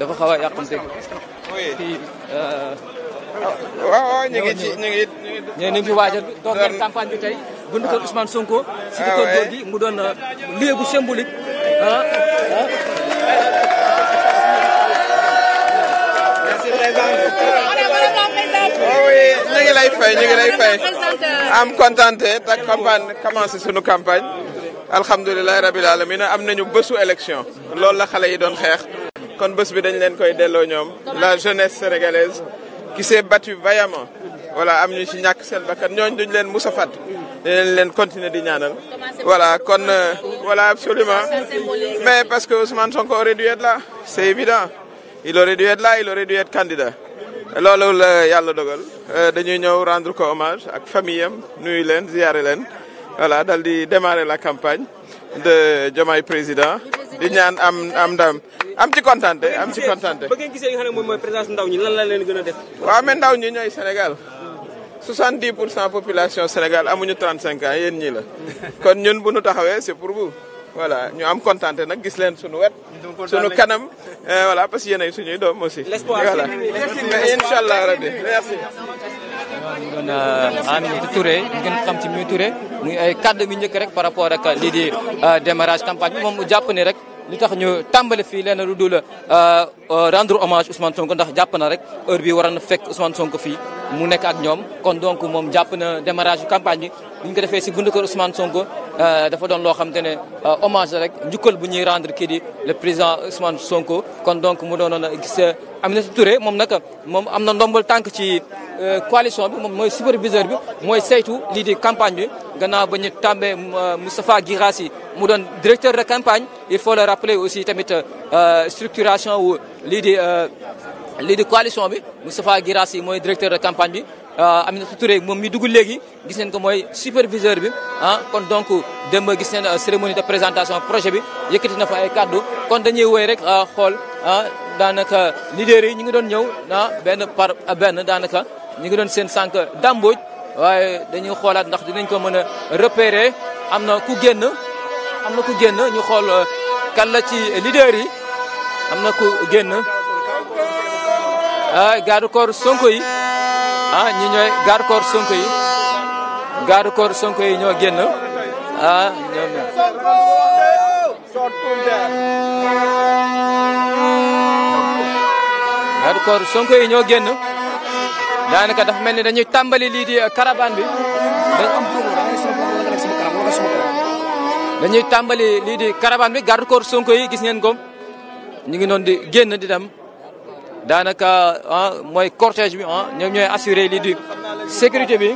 dafa xaw a yàqamte fii euh, waaw ñu ngi ci ñu ngi. ñu ngi ci waajal toog ngeen bi tey bunt kër Ousmane Sonko. si di ko gi mu doon euh, lieu bu symbolique. Ah, ah. merci président. Oh ñu ngi lay fay ñu ngi lay fay. am kontante te campagne commencé sunu campagne. alhamdulilah rabil aalamiina am nañu bésu élection. loolu la xale yi doon xeex. kon bés bi dañ leen koy delloo ñoom la jeunesse sénégalaise qui s'est battue vaillamment voilà am ñu ci ñàkk seen bakkan ñooñ duñ leen mus a fàtt dinañ leen continuer di ñaanal voilà kon euh, voilà absolument mais parce que Ousmane Sonko aurait dû être là c'est évident il aurait dû être là il aurait dû être candidat loolu la yàlla dogal euh, dañuy ñëw rendre ko hommage ak famille am nuyu leen ziyaare leen voilà dal di démarrer la campagne de Diomaye président di ñaan am am am ci kontaan te am ci kontaan te. ba ngeen gisee nga xam ne moom mooy présence ndaw ñi lan la leen gën a def. waaw mais ndaw ñi ñooy Sénégal. 70 pour cent population Sénégal amuñu 35 yéen ñii la kon ñun bu nu taxawee c'est pour vous voilà ñu am kontaan na gis leen suñu wet. suñu kanam eh, voilà parce que yéenay suñuy doom aussi. l'espoir voilà incha allah rabbi ñu doon Aminata Touré ñu gën xam ci muy Touré muy ay kàddu yu njëkk rek par rapport ak lii di euh, démarrage campagne bi moom jàpp fii leen lu dul euh, euh, rendre hommage Ousmane Sonko ndax jàpp na rek heure bi war na fekk Ousmane Sonko fii mu nekk ak ñoom kon donc moom jàpp na démarrage campagne bi ko defee si gundu kër Ousmane Sonko dafa doon loo xam te ne hommage la rek njukkal bu ñuy rendre kii di le président Ousmane Sonko kon donc mu doonoon gis Aminata Touré moom nag moom am na ndombal ci Euh, coalition bi moom mooy superviseur bi mooy saytu lii di campagne bi gannaaw ba ñu tàmbee euh, Moustapha mu doon directeur de campagne il faut le rappeler aussi tamit euh, structuration wu lii di lii di coalition bi Moustapha Girassi mooy directeur de campagne bi amina Touré moom mi dugg léegi gis neen ko mooy superviseur bi ah kon donc démb gis neen cérémonie de présentation projet bi yëkkati na fa ay kàddu kon dañuy woy rek xool ah daanaka leader yi ñu ngi doon ñëw ah benn par benn daanaka ñu ngi doon seen sànq dàmbooj waaye dañuy xoolaat ndax dinañ ko mën a repérer am na ku génn am na ku génn ñu xool euh, kan la ci leader yi am na ku génn ah garde corps Sonko yi ah ñi ñooy garde corps Sonko yi garde corps Sonko yi ñoo génn ah ñoom garde Sonko yi ñoo génn daanaka dafa mel ni dañuy tàmbali lii di caravane bi tàmbali lii di caravane bi garde corps Sonko gis ngeen ko ñu ngi noonu di génn di dem daanaka ah mooy cortège bi ah ñoom ñooy assuré lii di sécurité bi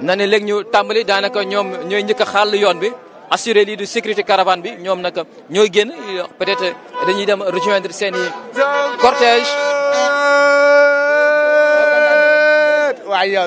na ne léegi ñu tàmbali daanaka ñoom ñooy njëkk a xàll yoon bi assure lii di sécurité caravane bi ñoom nag ñooy génn peut-être dañuy dem rejoindre seen i I, uh,